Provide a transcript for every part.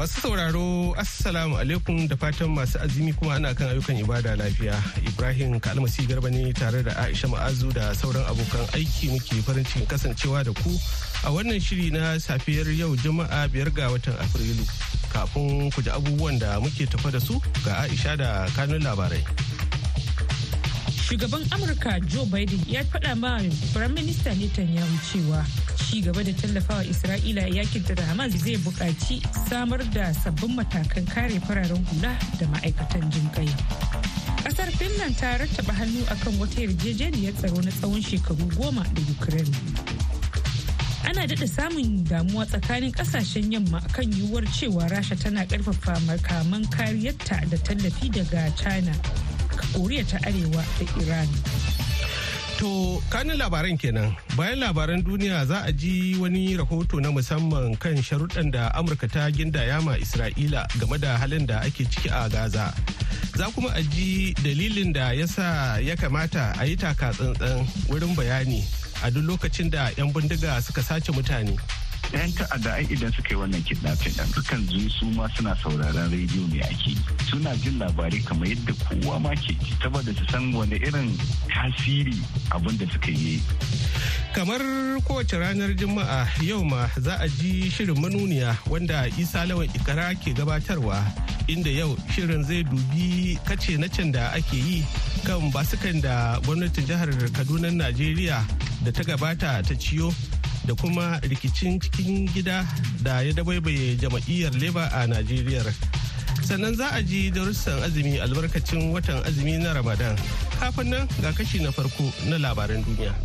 Masu sauraro Assalamu alaikum da fatan masu azumi kuma ana kan ayyukan ibada lafiya. Ibrahim Kalmasi Garba ne tare da Aisha Ma'azu da sauran abokan aiki muke farin cikin kasancewa da ku a wannan shiri na safiyar yau Juma'a biyar ga watan Afrilu. Kafin ku ji abubuwan da muke tafa da su ga Aisha da kanun labarai. Shugaban Amurka Joe Biden ya faɗa ma Firaminista Netanyahu cewa ci gaba da tallafawa Isra'ila a ta da Hamas zai buƙaci samar da sabbin matakan kare fararen hula da ma'aikatan jin kai. ƙasar Finland ta rattaba hannu akan wata yarjejeniyar tsaro na tsawon shekaru goma da Ukraine. Ana daɗa samun damuwa tsakanin ƙasashen yamma kan yiwuwar cewa Rasha tana ƙarfafa makaman kariyarta da tallafi daga China, Koriya ta Arewa da Iran. To kanin labaran kenan bayan labaran duniya za a ji wani rahoto na musamman kan sharuɗan da Amurka ta gindaya ma Isra'ila game da halin da ake ciki a Gaza. Za kuma a ji dalilin da ya sa ya kamata a yi taka tsantsan wurin bayani a duk lokacin da 'yan bindiga suka sace mutane. 'yan ta'adda ai idan suka yi wannan kidnapping ɗan sukan zo su ma suna sauraron rediyo ne ake suna jin labarai kamar yadda kowa ma ke saboda su san wani irin tasiri abin da suka yi kamar kowace ranar juma'a yau ma za a ji shirin manuniya wanda isa lawan ikara ke gabatarwa inda yau shirin zai dubi kace na can da ake yi kan basukan da gwamnatin jihar kaduna najeriya da ta gabata ta ciyo da kuma rikicin cikin gida da ya dabaibaye jama'iyyar leba a najeriya sannan za a ji darussan azumi albarkacin watan azumi na ramadan kafin nan ga kashi na farko na labaran duniya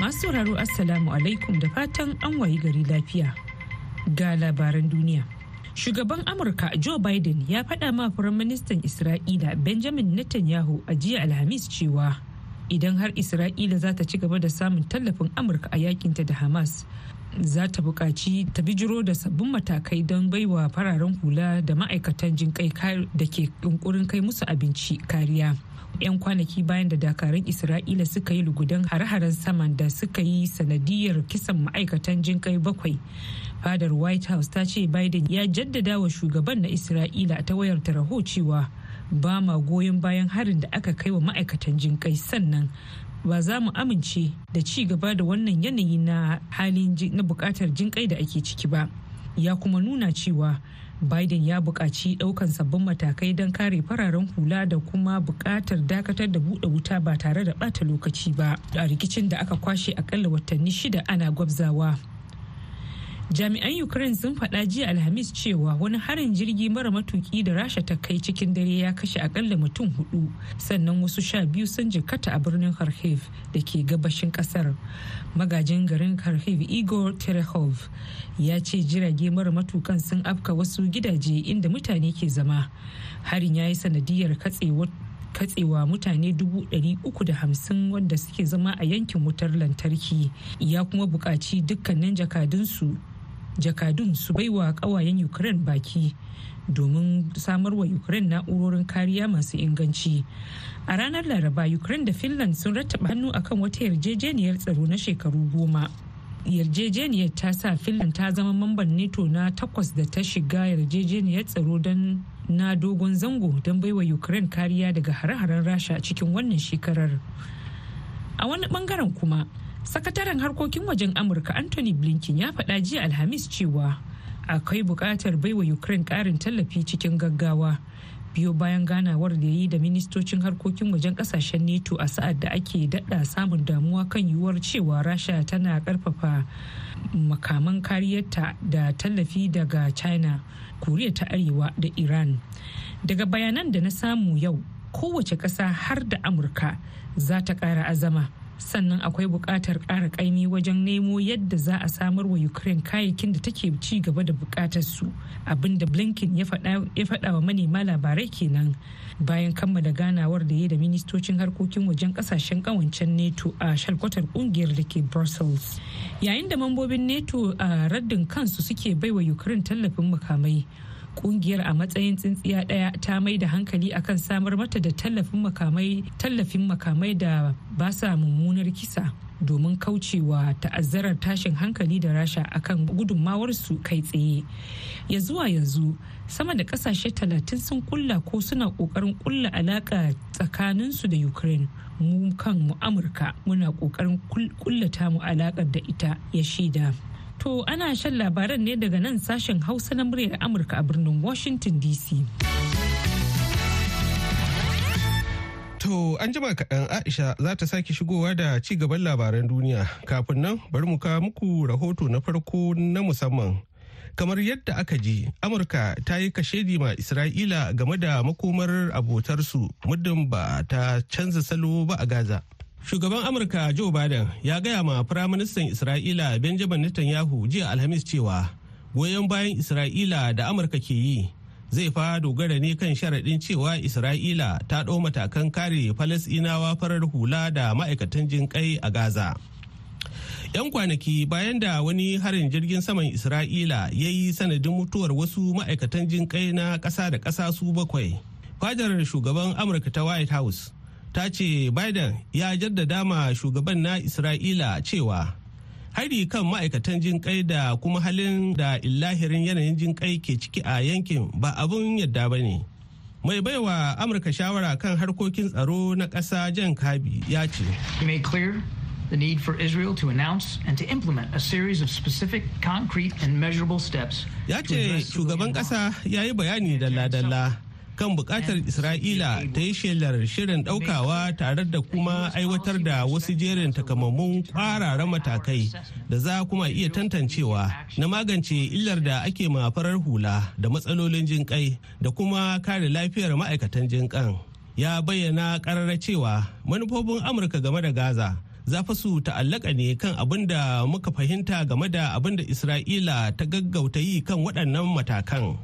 masu sauraro assalamu alaikum da fatan an wayi gari lafiya ga labaran duniya shugaban amurka joe biden ya faɗa ma firaministan isra'ila benjamin netanyahu a jiya alhamis cewa idan har isra'ila za ta ci gaba da samun tallafin amurka a yakinta da hamas za ta buƙaci ta bijiro da sabbin matakai don baiwa fararen hula da ma'aikatan jin kai da ke yunkurin kai musu abinci kariya yan kwanaki bayan da dakarun isra'ila suka yi lugudan har haren saman da suka yi sanadiyar kisan ma'aikatan jin kai bakwai fadar white house ta ce biden ya jaddada wa shugaban na isra'ila ta wayar ta cewa ba ma goyon bayan harin da aka kai wa ma'aikatan jin kai sannan ba za mu amince da ci gaba da wannan yanayi na halin na bukatar jinƙai da ake ciki ba ya kuma nuna cewa biden ya buƙaci ɗaukan sabbin matakai don kare fararen hula da kuma buƙatar dakatar da buɗe wuta ba tare da ɓata lokaci ba a rikicin da aka kwashe akalla watanni shida ana gwabzawa jami'an ukraine sun faɗa jiya alhamis cewa wani harin jirgi mara matuki da rasha ta kai cikin dare ya kashe akalla mutum hudu sannan wasu sha biyu sun jikata a birnin kharkiv da ke gabashin kasar magajin garin kharkiv igor terehov ya ce jirage mara matukan sun afka wasu gidaje inda mutane ke zama harin ya yi sanadiyar katsewa mutane 350 wanda suke zama a yankin wutar lantarki ya kuma bukaci dukkanin jakadunsu jakadun su baiwa ƙawayen ukraine baki domin samar wa ukraine na'urorin kariya masu inganci a ranar laraba ukraine da finland sun rattaba hannu akan wata yarjejeniyar tsaro na shekaru goma yarjejeniyar ta sa finland ta zama mamban neto na takwas da ta shiga yarjejeniyar tsaro don na dogon zango don baiwa ukraine kariya daga hare-haren rasha cikin wannan shekarar a wani bangaren kuma sakataren harkokin wajen amurka anthony blinken ya faɗa jiya alhamis cewa akwai buƙatar baiwa ukraine ƙarin tallafi cikin gaggawa biyo bayan ganawar da ya yi da ministocin harkokin wajen ƙasashen neto a sa'ad da ake daɗa samun damuwa kan yiwuwar cewa rasha tana ƙarfafa makaman kariyarta da tallafi daga china koriya ta arewa da iran daga bayanan da na samu yau kowace ƙasa har da amurka za ta ƙara azama sannan akwai buƙatar ƙara ƙaimi wajen nemo yadda za a samar wa ukraine kayayyakin da take ci gaba da buƙatar su abinda blinken ya faɗa wa manema labarai kenan bayan kammala ganawar da ya da ministocin harkokin wajen ƙasashen ƙawancen neto a shalkwatar ƙungiyar da ke brussels yayin da mambobin neto a raddin kansu suke baiwa ukraine tallafin makamai kungiyar a matsayin tsintsiya daya ta mai da hankali akan samar mata da tallafin makamai tallafin makamai da ba sa mummunar kisa domin kaucewa ta'azzarar tashin hankali da rasha akan su kai tsaye ya zuwa yanzu sama da kasashe talatin sun kulla ko suna kokarin kulla alaka tsakaninsu da ukraine mu kan mu amurka muna kokarin kullata mu alakar da ita ya shaida To ana shan labaran ne daga nan sashen Hausa na muryar Amurka a birnin Washington DC. To an jima kaɗan Aisha za ta sake shigowa da ci gaban labaran duniya kafin nan bari mu kawo muku rahoto na farko na musamman. kamar yadda aka ji amurka ta yi kashedi ma isra'ila game da makomar abotarsu muddin ba ta canza salo ba a gaza Shugaban Amurka Joe Biden ya gaya ma Firaministan Isra'ila Benjamin Netanyahu jiya Alhamis cewa goyon bayan Isra'ila da Amurka ke yi zai fa dogara ne kan sharaɗin cewa Isra'ila ta ɗau matakan kare Falasɗinawa farar hula da ma'aikatan jinƙai a Gaza. 'Yan kwanaki bayan da wani harin jirgin saman Isra'ila ya yi sanadin mutuwar wasu ma'aikatan jinƙai na ƙasa da ƙasa su bakwai. Fajar shugaban Amurka ta White House ta ce Biden ya jaddada ma shugaban na Isra'ila cewa hari kan ma'aikatan jin kai da kuma halin da illahirin yanayin jin kai ke ciki a yankin ba abun yadda ba ne. mai baiwa amurka shawara kan harkokin tsaro na ƙasa jan kabi ya ce The need for Israel to announce and to implement a series of specific, concrete, and measurable steps. Ya ce shugaban ƙasa ya yi bayani dalla-dalla kan bukatar Isra'ila ta yi shelar shirin daukawa tare da kuma aiwatar da wasu jerin takamammun kwararan matakai da za kuma iya tantancewa na magance illar da ake mafarar hula da matsalolin jinƙai da kuma kare lafiyar ma'aikatan jinƙan. Ya bayyana ƙararra cewa manufofin Amurka game da Gaza za fa su ta'allaka ne kan abin da muka fahimta game da abin da Isra'ila ta gaggauta yi kan waɗannan matakan.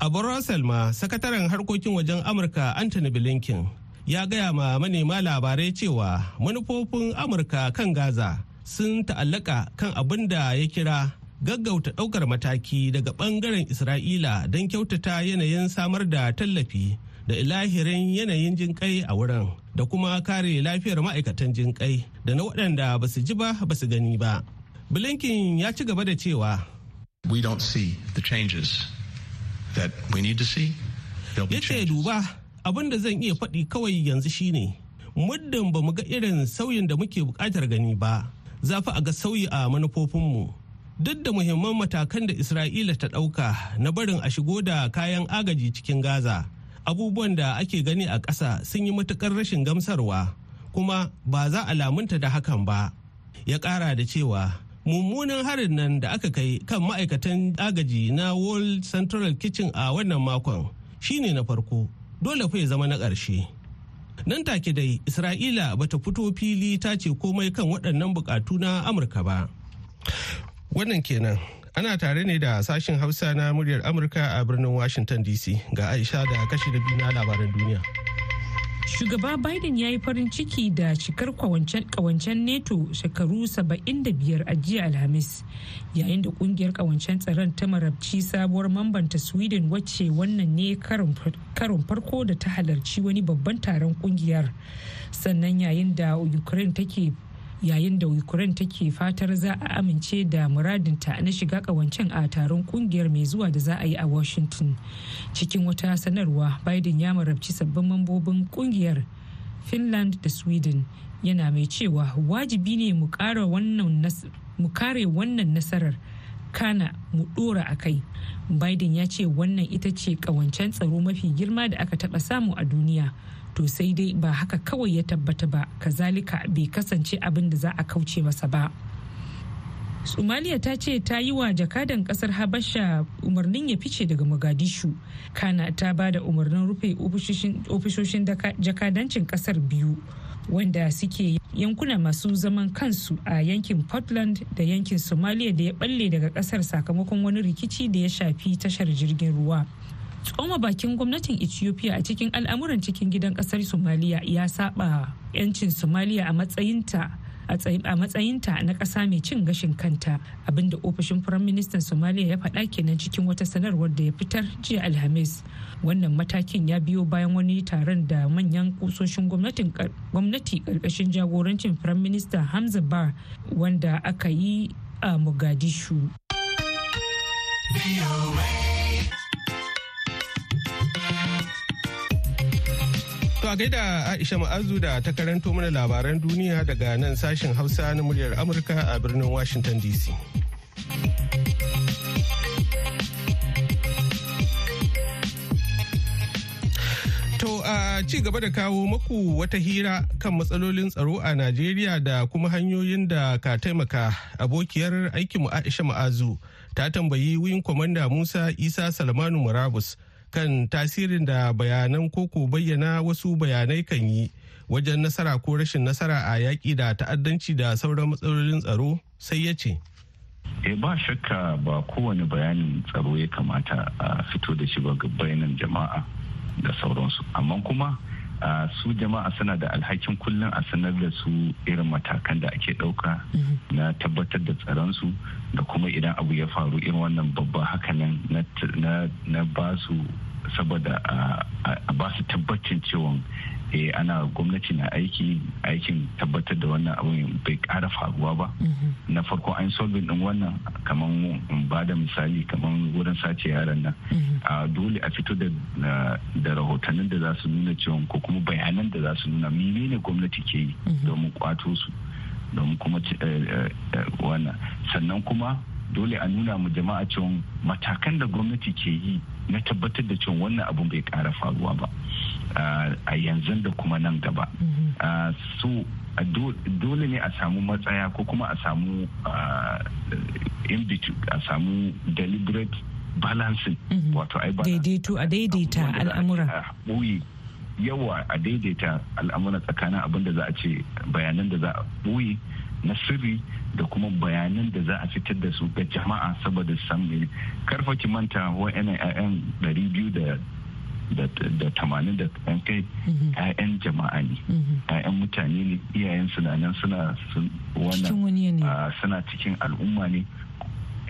A Brussels ma sakataren harkokin wajen Amurka Anthony Blinken ya gaya ma manema labarai cewa manufofin Amurka kan Gaza sun ta'allaka kan abin da ya kira gaggauta ɗaukar mataki daga ɓangaren Isra'ila don kyautata yanayin samar da tallafi da ilahirin yanayin jinƙai a wurin da kuma kare lafiyar ma'aikatan jinƙai da na waɗanda ba su ji ba ba su gani ba. Blinken ya ci gaba da cewa. We don't see the changes that we need to see. duba abin da zan iya faɗi kawai yanzu shine muddin ba mu ga irin sauyin da muke buƙatar gani ba za fi a ga sauyi a manufofinmu duk da muhimman matakan da Isra'ila ta ɗauka na barin a shigo da kayan agaji cikin Gaza abubuwan da ake gani a ƙasa sun yi matuƙar rashin gamsarwa kuma ba za a lamunta da hakan ba ya ƙara da cewa mummunan harin nan da aka kai kan ma'aikatan agaji na world central kitchen a wannan makon shine na farko dole fai zama na ƙarshe nan take dai isra'ila bata fito fili ta ce komai kan waɗannan buƙatu na amurka ba wannan kenan ana tare ne da sashin hausa na muryar amurka a birnin washington dc ga aisha da kashi da biyu na labaran duniya shugaba biden ya yi farin ciki da cikar kawancen neto shekaru 75 a jiya alhamis yayin da kungiyar kawancen tsaron ta marabci sabuwar mambanta sweden wacce wannan ne karin farko da ta halarci wani babban taron kungiyar sannan yayin da ukraine take yayin da ukraine take fatar za a amince da muradinta na shiga kawancen a taron kungiyar mai zuwa da za a yi a washington cikin wata sanarwa biden ya marabci sabbin mambobin kungiyar finland da sweden yana mai cewa wajibi ne mu kare wannan nasarar kana mu dora a kai biden ya ce wannan ita ce kawancen tsaro mafi girma da aka taba samu a duniya to sai dai ba haka kawai ya tabbata ba kazalika bai kasance abin da za a kauce masa ba somaliya ta ce ta yi wa jakadan kasar habasha umarnin ya fice daga mogadishu kana ta ba da umarnin rufe ofisoshin jakadancin kasar biyu wanda suke yankuna masu zaman kansu a yankin portland da yankin somaliya da ya balle daga kasar sakamakon wani rikici da ya shafi tashar jirgin ruwa tsoma bakin gwamnatin ethiopia a cikin al'amuran cikin gidan kasar Somalia ya saba 'yancin Somalia a matsayinta a matsayinta na ƙasa mai cin gashin kanta abinda ofishin firaministan Somalia ya faɗa kenan cikin wata sanarwar da ya fitar jiya alhamis wannan matakin ya biyo bayan wani taron da manyan kusoshin gwamnati ƙarƙashin jagorancin firaminista hamza bar wanda aka yi a mogadishu. a gaida Aisha Ma'azu da ta karanto mana labaran duniya daga nan sashen Hausa na muryar Amurka a birnin Washington DC. To a ci gaba da kawo maku wata hira kan matsalolin tsaro a Najeriya da kuma hanyoyin da ka taimaka abokiyar aikinmu Aisha Ma'azu ta tambayi wing kwamanda Musa Isa Salmanu Murabus kan tasirin da bayanan koko bayyana wasu bayanai kan yi wajen nasara ko rashin nasara a yaƙi da ta'addanci da sauran matsalolin tsaro sai ya ce. E ba shakka ba kowane bayanin tsaro ya kamata a fito da shi ba ga bayanan jama'a da sauransu amma kuma su jama'a suna da alhakin kullum a sanar da su irin matakan da ake ɗauka mhm. na tabbatar da tsaronsu da kuma idan abu ya faru irin wannan babban hakanan na ba saboda a ba tabbacin cewa eh ana gwamnati na aiki aikin tabbatar da wannan abin bai kara faruwa ba mm-hmm. na farko an solving din wannan kamar ba da misali kamar wurin sace yaran nan mm-hmm. a dole a fito da rahotannin da za su nuna cewa ko kuma bayanan da za su nuna menene gwamnati ke yi mm-hmm. domin kwato su domin kuma eh, eh, eh, wannan sannan kuma dole a nuna mu jama'a cewa matakan da gwamnati ke yi na tabbatar da cewa wannan abun bai kara faruwa ba a yanzu da kuma nan gaba su dole ne a samu matsaya ko kuma a samu a samu deliberate balancing mhm. wato ai daidaito a daidaita al'amura yawa a daidaita al'amura tsakanin abin da za a ce bayanan da za a buyi na sirri da kuma bayanan da za a fitar da su ga jama'a saboda san karfa ki manta wa'yan 'ya'yan da tamanin da ta kai mhm. ƴaƴan jama'a ne mhm. ƴaƴan mutane ne iyayen suna nan suna wannan ah, suna cikin al'umma ne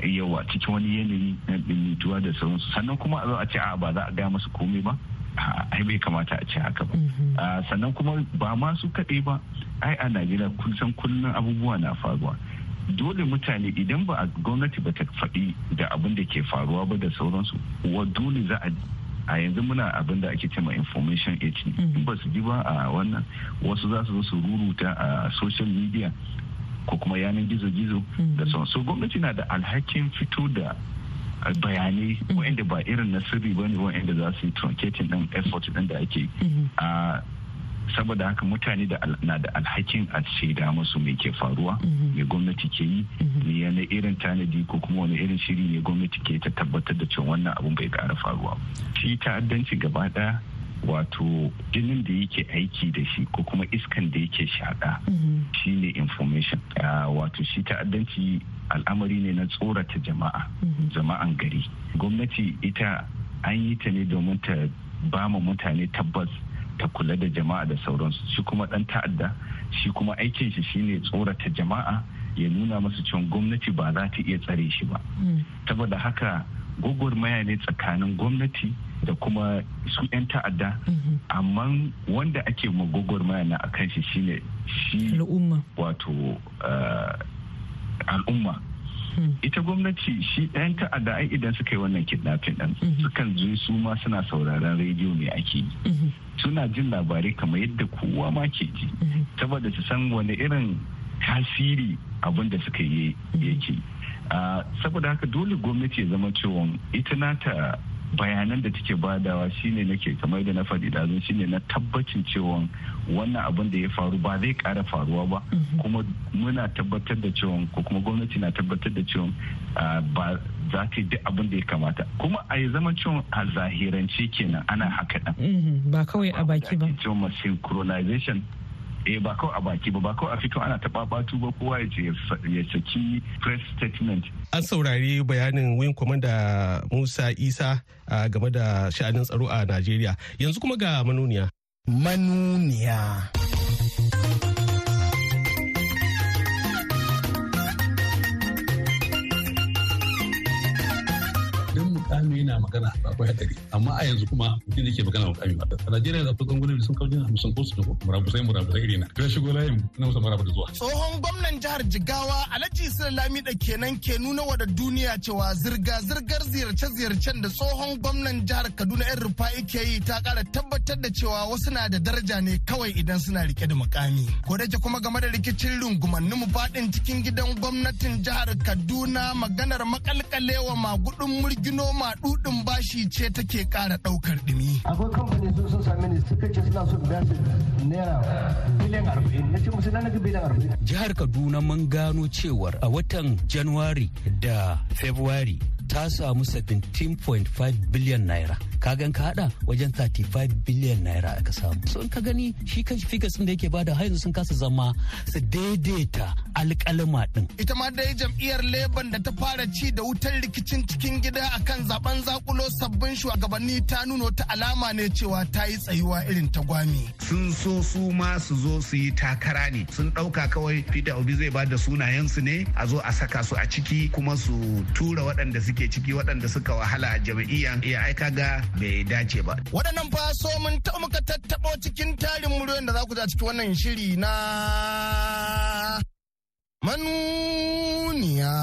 yawa cikin wani yanayi na ɗimmituwa da sauransu sannan kuma a zo a ce a ba za a gaya masu komai ba ai bai kamata a ce haka ba mhm. ah, sannan kuma ba ma su kaɗai ba ai a najeriya kun san kullum abubuwa na faruwa dole mutane idan ba a gwamnati ba ta faɗi da abin da ke faruwa ba da sauransu wa dole za a a yanzu muna abin da ake cema information age in mhm. ba su ji ba a wannan wasu za su zo su ruruta a social media ko kuma yanar gizo-gizo mhm. da sauran so gwamnati na da alhakin fito da bayanai mhm. wa'anda ba irin na sirri ba ne wa'anda za su yi truncating effort din da ake saboda haka mutane na da alhakin a shaida musu mai ke faruwa mai mhm. gwamnati ke yi mhm. me yana irin tanadi ko kuma wani irin shiri ne gwamnati ke ta tabbatar da cewa wannan abun bai kara faruwa shi ta'addanci gaba daya wato jinin da yake aiki da shi ko kuma iskan da yake shaɗa mhm. shine information wato shi ta'addanci al'amari ne na tsorata jama'a jama'an gari gwamnati ita an yi ta ne domin ta ba mu mutane tabbas ta kula da jama'a da sauransu shi kuma dan ta'adda shi kuma aikin shi shine tsorata jama'a ya nuna masu cewa gwamnati ba za ta iya tsare shi ba hmm. saboda haka gwagwarmaya ne tsakanin gwamnati da kuma su 'yan ta'adda hmm. amma wanda ake ma gwagwarmaya na akan shi shine shi wato eh, al'umma Hmm. ita gwamnati shi ɗayan ta'adda ai idan suka yi wannan kidnapping ɗin hmm. sukan zo su ma suna sauraron rediyo ne ake yi hmm. suna jin labarai kamar yadda kowa ma ke ji saboda su san wani irin tasiri abin da suka yi yake ah, saboda haka dole gwamnati ya zama cewa ita nata bayanan da take badawa shine nake kamar da na faɗi da shine na tabbacin cewa wannan abin da ya faru ba zai kara faruwa ba mhm. kuma muna tabbatar da cewa ko kuma gwamnati na tabbatar da cewa ba za ta yi duk abin da ya kamata kuma a yi zama cewa a zahirance kenan ana haka ɗan mhm, ba kawai a baki ba cewa synchronization eh ba kawai a baki ba ba kawai a fito ana taɓaɓatu ba kowa ya ce ya saki press statement an saurari bayanin wing commander musa isa game da sha'anin tsaro a najeriya yanzu kuma ga manuniya manuniya. hannu yana magana akwai hadari amma a yanzu kuma mutum da ke magana mukami ba a najeriya da kusan gwamnati sun kawo hamsin ko su da murabusai murabusai irina ya shigo layin na musa maraba da zuwa. tsohon gwamnan jihar jigawa alhaji sulami lamida kenan ke nuna wa da duniya cewa zirga-zirgar ziyarce-ziyarcen da tsohon gwamnan jihar kaduna yan rufa'i ke yi ta kara tabbatar da cewa wasu na da daraja ne kawai idan suna rike da mukami ko da kuma game da rikicin rungumannin mu faɗin cikin gidan gwamnatin jihar kaduna maganar makalkalewa magudun murgino ma dudin bashi ce take kara daukar dimi. Akwai kamfani sun sun sami ne suka ce suna so biya su naira biliyan arba'in na ce musu na biliyan arba'in. Jihar Kaduna mun gano cewar a watan Januwari da February ta samu 17.5 biliyan naira kagan ka hada wajen 35 biliyan naira aka samu so ka gani shi kan figures da yake bada har sun kasa zama su daidaita alƙalma din ita ma dai jam'iyyar leban da ta fara ci da wutar rikicin cikin gida akan zaben zakulo sabbin shugabanni ta nuno ta alama ne cewa ta yi tsayuwa irin ta gwami sun so su ma su zo su yi takara ne sun ɗauka kawai peter obi zai bada da su ne a zo a saka su a ciki kuma su tura waɗanda suke ke ciki waɗanda suka wahala a jam'iyyar ya aika ga bai dace ba. Waɗannan fa so mun taɓa muka tattaɓo cikin tarin muryoyin da za ku ji ciki wannan shiri na manuniya.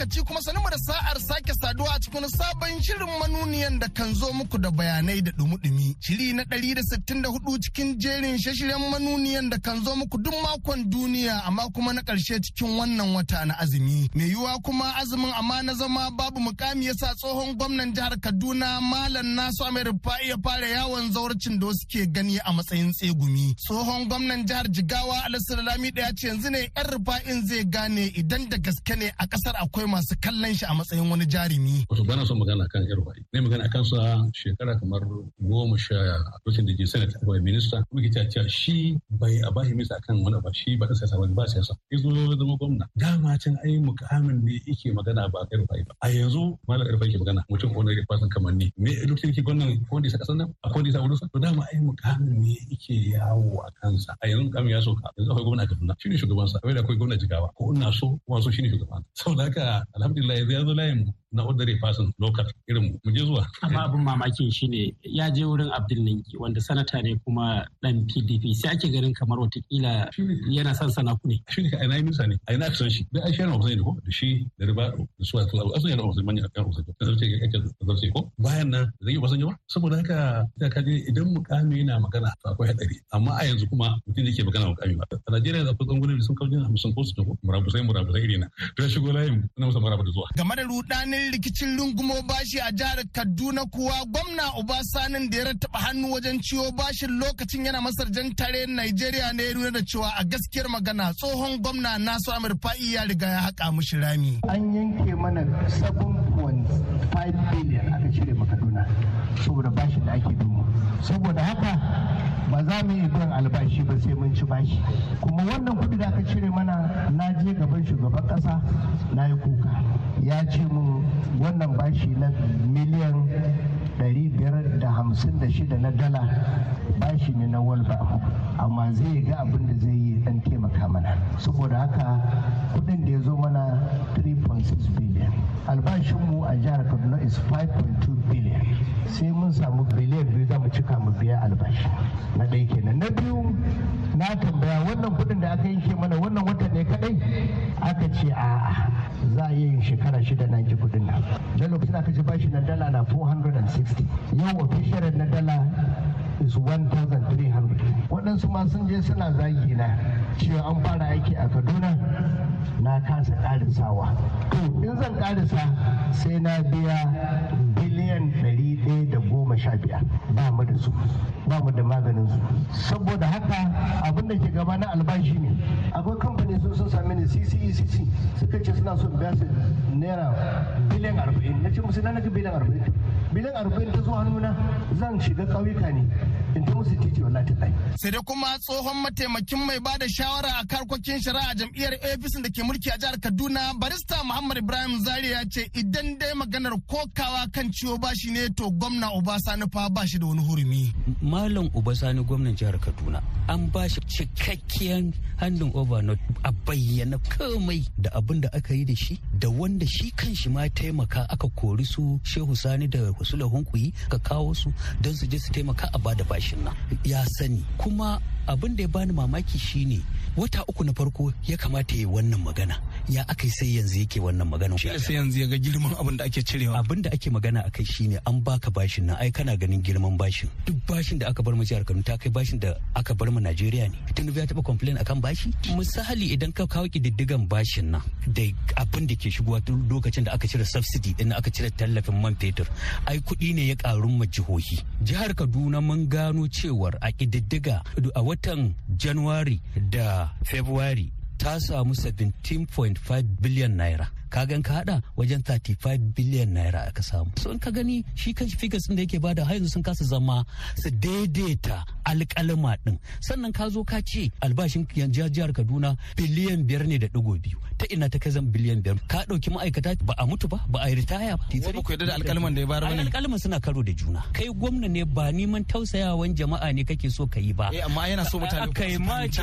lokaci kuma sanin da sa'ar sake saduwa a cikin sabon shirin manuniyan da kan zo muku da bayanai da dumi-dumi. Shiri na ɗari da sittin da hudu cikin jerin shashiren manuniyan da kan zo muku duk makon duniya amma kuma na ƙarshe cikin wannan wata na azumi. Mai yiwuwa kuma azumin amma na zama babu mukami yasa tsohon gwamnan jihar Kaduna Malam Nasu Amir Rufa'i ya fara yawon zauracin da wasu ke gani a matsayin tsegumi. Tsohon gwamnan jihar Jigawa Alassar Lami ya ce yanzu ne 'yan Rufa'in zai gane idan da gaske ne a ƙasar akwai masu kallon shi a matsayin wani jarumi. Wato bana son magana kan Irwai. Ne magana kan sa shekara kamar goma sha lokacin da ke senate ko minista. kuma ke cewa shi bai a bashi misa kan wani ba shi ba sai sabon ba sa. Ya zo ya zama gwamna. Dama can ai mukamin ne yake magana ba Irwai ba. A yanzu malam Irwai ke magana mutum ko ne da fasan kamar ni. Me lokacin yake gwamnan ko da sa saka nan a ko da ya sa To dama ai mukamin ne yake yawo a kansa. A yanzu mukamin ya soka. Yanzu akwai gwamna Kaduna. Shi ne sa. Akwai da akwai gwamna Jigawa. Ko ina so ko so shi ne shugaban. Saboda haka alhamdulillah yanzu ya zo layin mu na ordinary person local irin mu je zuwa. Amma abin mamakin shi ne ya je wurin Abdul Ninki wanda sanata ne kuma dan PDP sai ake ganin kamar watakila yana son sana ku ne. Shi ne a ina yi nisa ne a ina san shi da Aisha na Hussein ko da shi da riba da su a kula asu yana Hussein manya akan Hussein da zarce yake zarce ko bayan nan zai yi basan yawa saboda haka da ka je idan mukami yana magana akwai hadari amma a yanzu kuma mutum yake magana mukami ba a Najeriya da kusan gwamnati sun kawo jin hamsin ko su da murabusai murabusai irina to ya shigo layin na musa marabu da zuwa. Game da rudani Yayin rikicin rungumo bashi a jihar Kaduna kuwa gwamna Uba Obasanin da ya rattaba hannu wajen ciwo bashin lokacin yana masar jan tare Najeriya ne ya nuna da cewa a gaskiyar magana tsohon gwamna Nasu Amir Fa'i ya riga ya haƙa mushi rami. An yanke mana 7.5 billion aka cire ma Kaduna saboda bashin da ake dumo. Saboda haka ba za mu yi biyan albashi ba sai mun ci bashi kuma wannan kuɗi da aka cire mana na je gaban shugaban ƙasa na yi kuka ya ce mu wannan bashi na miliyan 556 na dala bashi ne na walba amma zai ga abin da zai yi dan taimaka mana saboda haka kudin da ya zo mana 3.6 billion albashinmu a jihar kaduna is 5.2 billion sai mun samu biliyan biyu za mu cika mu biya albashi na ɗaya kenan na biyu na tambaya wannan kuɗin da aka yanke mana wannan wata ne kaɗai aka ce a za a yin shekara shida na ji kuɗin nan da lokacin aka ji bashi na dala na 460 yau official na dala is 1,300 waɗansu ma sun je suna zagi na cewa an fara aiki a kaduna na kasa ƙarisawa to in zan ƙarisa sai na biya biliyan 115 ba mu da su ba mu da maganin su saboda haka abin da ke gaba na albashi ne akwai kamfani sun sun sami ne ccecc suka ce suna so biya su naira biliyan 40 na ce musu na naga biliyan 40 biliyan arba'in ta zuwa hannuna zan shiga ƙauyuka ne in ta musu titi wallahi tallahi. sai dai kuma tsohon mataimakin mai bada shawara a karkokin shari'a jam'iyyar apc da ke mulki a jihar kaduna barista muhammad ibrahim zari ya ce idan dai maganar kokawa kan ciwo bashi ne to gwamna obasani fa ba shi da wani hurumi. malam obasani gwamnan jihar kaduna an ba shi cikakkiyar handin over a bayyana kamai da abin da aka yi da shi da wanda shi kan shi ma taimaka aka kori su shehu sani da sulhun ku yi ka kawo su don su je su taimaka a bada bashin nan ya sani kuma abin da ya bani mamaki shine wata uku na farko ya kamata ya yi wannan magana ya aka yi sai yanzu yake wannan magana shi sai yanzu ya ga girman abin da ake cirewa abin da ake magana akai shine an baka bashin nan ai kana ganin girman bashin duk bashin da aka bar mu jihar Kano ta kai bashin da aka bar mu Najeriya ne Tinubu ya taba complain akan bashi misali idan ka kawo kididdigan bashin nan da abin da ke shigowa tun lokacin da aka cire subsidy din aka cire tallafin man fetur ai kuɗi ne ya karu ma jihohi jihar Kaduna mun gano cewar a kididdiga a watan January da February ta samu 17.5 biliyan naira ka gan ka hada wajen 35 biliyan naira aka samu so in ka gani shi kan figures din da yake bada har yanzu sun kasa zama su daidaita alƙalma din sannan ka zo ka ce albashin yan jajiyar Kaduna biliyan biyar ne da digo biyu ta ina ta kai zan biliyan biyar ka dauki ma'aikata ba a mutu ba ba a ritaya ba ba ku yarda da alƙalman da ya bayar bane alƙalman suna karo da juna kai gwamna ne ba neman tausayawan jama'a ne kake so ka yi ba eh amma yana so mutane ka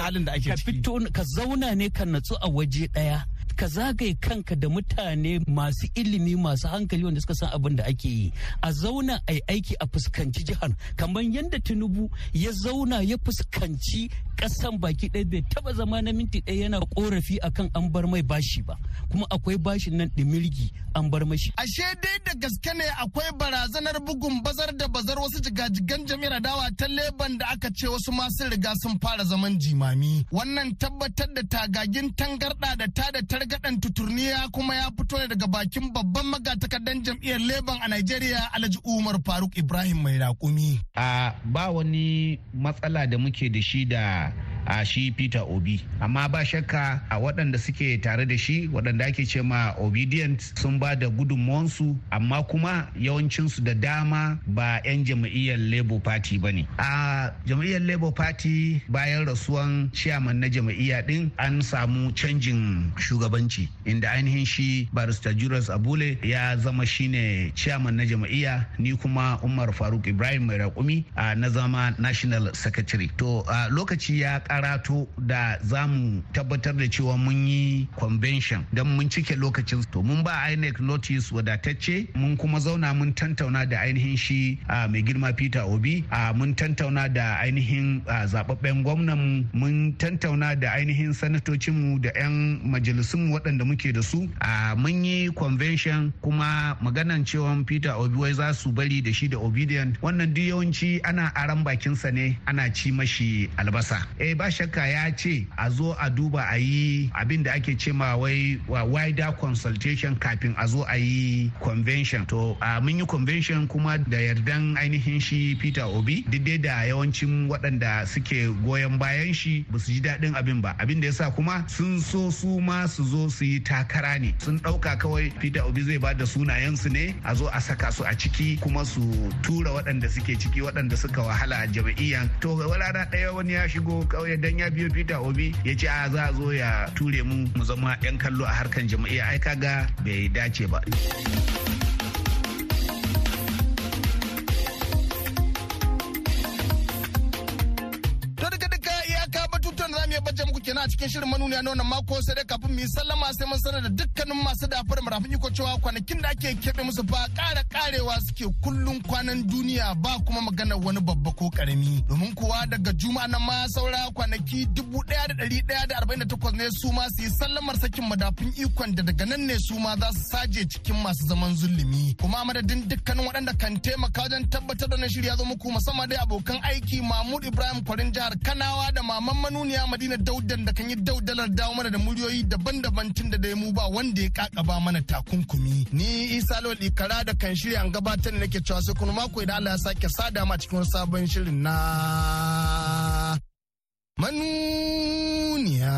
halin da ake ciki ka fito ka zauna ne ka natsu a waje daya ka zagaye kanka da mutane masu ilimi masu hankali wanda suka san abin da ake yi a zauna a yi aiki a fuskanci jihar kamar yadda tinubu ya zauna ya fuskanci kasan baki ɗaya bai taba zama na minti ɗaya yana korafi akan an bar mai bashi ba kuma akwai bashin nan ɗimirgi an bar mashi. ashe dai da gaske ne akwai barazanar bugun bazar da bazar wasu jigajigan jami'ar dawa ta leban da aka ce wasu masu riga sun fara zaman jimami wannan tabbatar da tagagin tangarɗa da ta da gadan tuturniya kuma ya fito ne daga bakin babban magatakardan jam'iyyar Leban a Najeriya Alhaji Umar Faruk Ibrahim mai raƙumi. A ba wani matsala da muke da shi da a shi peter obi amma ba shakka a waɗanda suke tare da shi waɗanda ake ce ma obedient sun ba da gudunmuwansu amma kuma yawancinsu da dama ba 'yan jam'iyyar labour party ba ne a jam'iyyar labour party bayan rasuwan chairman na jam'iyya din an samu canjin shugabanci inda ainihin shi barista julius abule ya zama shine chairman na jam'iyya ni kuma umar faruk ibrahim mai raƙumi na zama national secretary to lokaci ya ka. karato da za mu tabbatar da cewa mun yi convention don mun cike lokacin to mun ba inec notice wadatacce mun kuma zauna mun tantauna da ainihin shi mai girma peter obi mun tantauna da ainihin zababben gwamnan mun tantauna da ainihin sanatocinmu da 'yan majalisun waɗanda muke da su mun yi convention kuma maganan cewa peter obi wai za su bari da shi da obedient wannan duk yawanci ana aran bakinsa ne ana ci mashi albasa eh ba shakka ya ce a zo a duba a yi abin da ake ce ma wai wider consultation kafin a zo a yi convention to a mun yi convention kuma da yardan ainihin shi peter obi dai da yawancin waɗanda suke goyon bayan shi ba su ji daɗin abin ba abin da ya sa kuma sun so su ma su zo su yi takara ne sun ɗauka kawai peter obi zai ba da sunayensu ne a zo a saka su a ciki kuma su tura waɗanda suke ciki waɗanda suka wahala a jam'iyyan to na ɗaya wani ya shigo kawai dan ya biyo Peter Obi ya ce a za a zo ya ture mu mu zama 'yan kallo a harkar jam'iyya ai kaga bai dace ba. cikin shirin manuniya na wannan mako sai dai kafin mu yi sallama sai mun sanar da dukkanin masu dafar marafin iko cewa kwanakin da ake keɓe musu ba ƙara ƙarewa suke kullum kwanan duniya ba kuma maganar wani babba ko ƙarami domin kuwa daga juma na ma saura kwanaki dubu ɗaya da ɗari ɗaya da arba'in da takwas ne su ma su yi sallamar sakin madafin ikon da daga nan ne su ma za su saje cikin masu zaman zulumi kuma madadin dukkanin waɗanda kan taimaka wajen tabbatar da na shirya zo muku musamman dai abokan aiki mahmud ibrahim kwarin jihar kanawa da maman manuniya madina daudan da kan an yi daudalar dawo mana da muryoyi daban-daban tun da dai mu ba wanda ya kakaba mana takunkumi ni isa Lodi kara da kan shirya an gabatar da nake cewa sai kuma mako idan Allah ya sake sada ma cikin sabon shirin na manuniya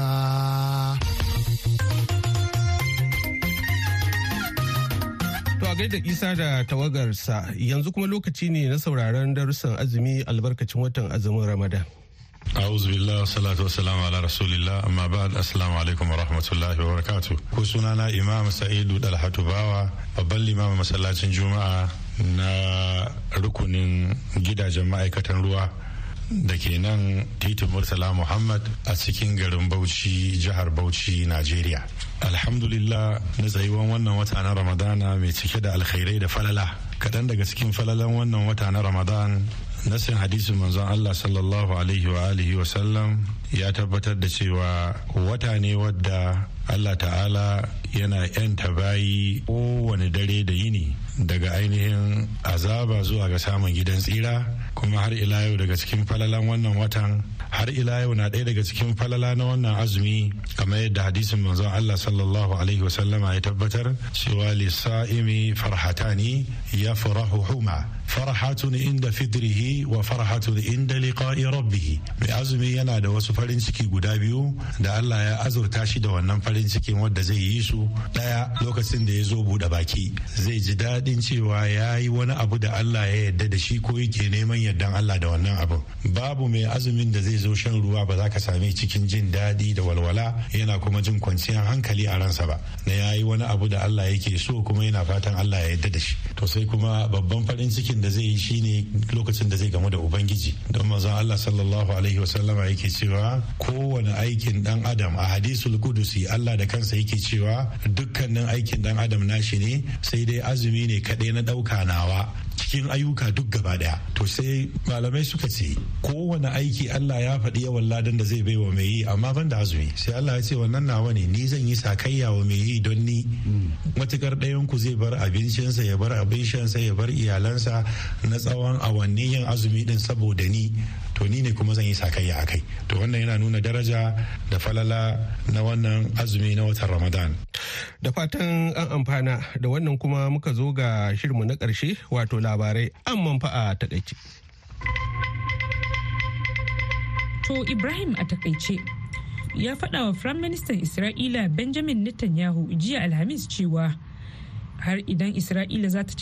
gaida isa da tawagarsa yanzu kuma lokaci ne na sauraron darussan azumi albarkacin watan azumin ramadan A'udhu billah salatu wassalamu ala rasulillah amma ba'd assalamu alaikum wa rahmatullahi wa barakatuh. Ko sunana Imam Sa'idu Dalhatu babban limamin masallacin Juma'a na rukunin gidajen ma'aikatan ruwa da ke nan titin Murtala Muhammad a cikin garin bauci jihar Bauchi Najeriya. lillah na tsayuwan wannan wata na Ramadana mai cike da alkhairai da falala. Kaɗan daga cikin falalan wannan wata na Ramadan nasin hadisin manzon Allah sallallahu alaihi wa alihi wa sallam ya tabbatar da cewa wata ne wadda Allah ta'ala yana yanta bayi kowane dare da yini daga ainihin azaba zuwa ga samun gidan tsira kuma har ila yau daga cikin falalan wannan watan har ila yau na ɗaya daga cikin falala na wannan azumi kamar yadda hadisin manzon Allah sallallahu alaihi wasallama ya tabbatar cewa lisa'imi farhatani ya farahu huma farhatun inda fidrihi wa farhatun inda liqa'i rabbih mai azumi yana da wasu farin ciki guda biyu da Allah ya azurta shi da wannan farin cikin wanda zai yi su daya lokacin da ya zo bude baki zai ji daɗin cewa ya yi wani abu da Allah ya yarda da shi ko yake neman ya. yardan Allah da wannan abin babu mai azumin da zai zo shan ruwa ba za ka sami cikin jin daɗi da walwala yana kuma jin kwanciyar hankali a ransa ba na yayi wani abu da Allah yake so kuma yana fatan Allah ya yarda da shi to sai kuma babban farin cikin da zai yi shine lokacin da zai gamu da ubangiji don manzon Allah sallallahu alaihi wasallama yake cewa kowane aikin dan adam a hadisul kudusi Allah da kansa yake cewa dukkanin aikin dan adam nashi ne sai dai azumi ne kaɗai na ɗauka nawa cikin ayyuka duk gaba daya to sai malamai suka ce kowane aiki Allah ya faɗi yawan ladan da zai baiwa mai yi amma ban da azumi sai Allah ya ce wannan nawa ne ni zan yi sakayya wa mai yi don ni matukar ɗayan ku zai bar abincinsa ya bar abin ya bar iyalansa na tsawon awanni yin azumi din saboda ni to ni ne kuma zan yi sakayya a kai to wannan yana nuna daraja da falala na wannan azumi na watan ramadan da fatan an amfana da wannan kuma muka zo ga shirmu na ƙarshe wato labarai an manfa'a takaice to ibrahim a takaice ya faɗa wa Firaministan Isra'ila Benjamin Netanyahu jiya Alhamis cewa har idan isra'ila za ta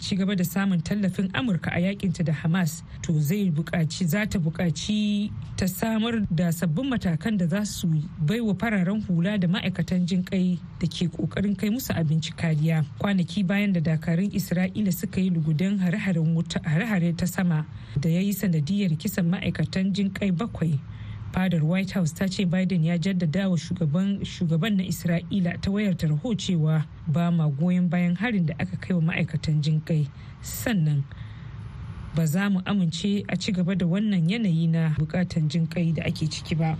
ci gaba da samun tallafin amurka a yakinta da hamas to zai buƙaci za ta buƙaci ta samar da sabbin matakan da za su baiwa fararen hula da ma'aikatan jin kai da ke ƙoƙarin kai musu abinci kariya kwanaki bayan da dakarun isra'ila suka yi lugudan hare-hare ta sama da ya yi sanadiyar kisan ma'aikatan jin kai bakwai fadar white house ta ce biden ya jaddada wa shugaban na isra'ila ta wayar tarho cewa ba ma goyon bayan harin da aka kai wa ma'aikatan jinkai sannan ba za mu amince a ci gaba da wannan yanayi na bukatan jinkai da ake ciki ba.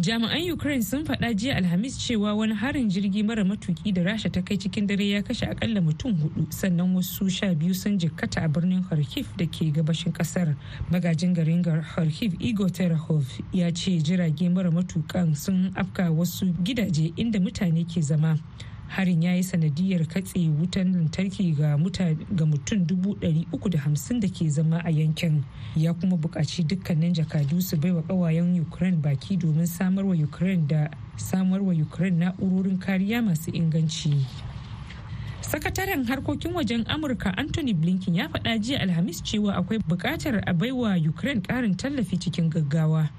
jami'an ukraine sun faɗa jiya alhamis cewa wani harin jirgi mara matuki da rasha ta kai cikin dare ya kashe akalla mutum hudu sannan wasu sha biyu sun jikkata a birnin kharkiv da ke gabashin kasar magajin garin kharkiv igor terahov ya ce jirage mara matukan sun afka wasu gidaje inda mutane ke zama harin ya yi sanadiyar katse wutan lantarki ga mutum 350 da ke zama a yankin ya kuma buƙaci dukkanin jakadu su baiwa ƙawayen ukraine baki domin samarwa ukraine da samarwa ukraine na'urorin kariya masu inganci sakataren harkokin wajen amurka anthony blinken ya faɗa jiya alhamis cewa akwai buƙatar a baiwa ukraine ƙarin tallafi cikin gaggawa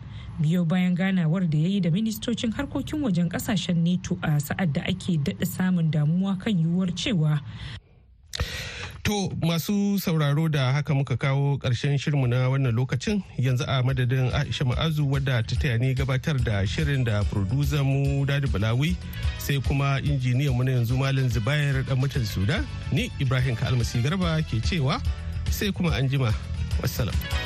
biyo bayan ganawar da ya yi da ministocin harkokin wajen kasashen neto a sa'ad da ake daɗa samun damuwa kan yiwuwar cewa To masu sauraro da haka muka kawo ƙarshen shirmu na wannan lokacin yanzu a madadin Aisha Ma'azu wadda ta taya ni gabatar da shirin da producer mu Dadi Balawi sai kuma injiniyan mu na yanzu Malam Zubair dan mutan Suda ni Ibrahim Kalmasi Garba ke cewa sai kuma anjima wassalam.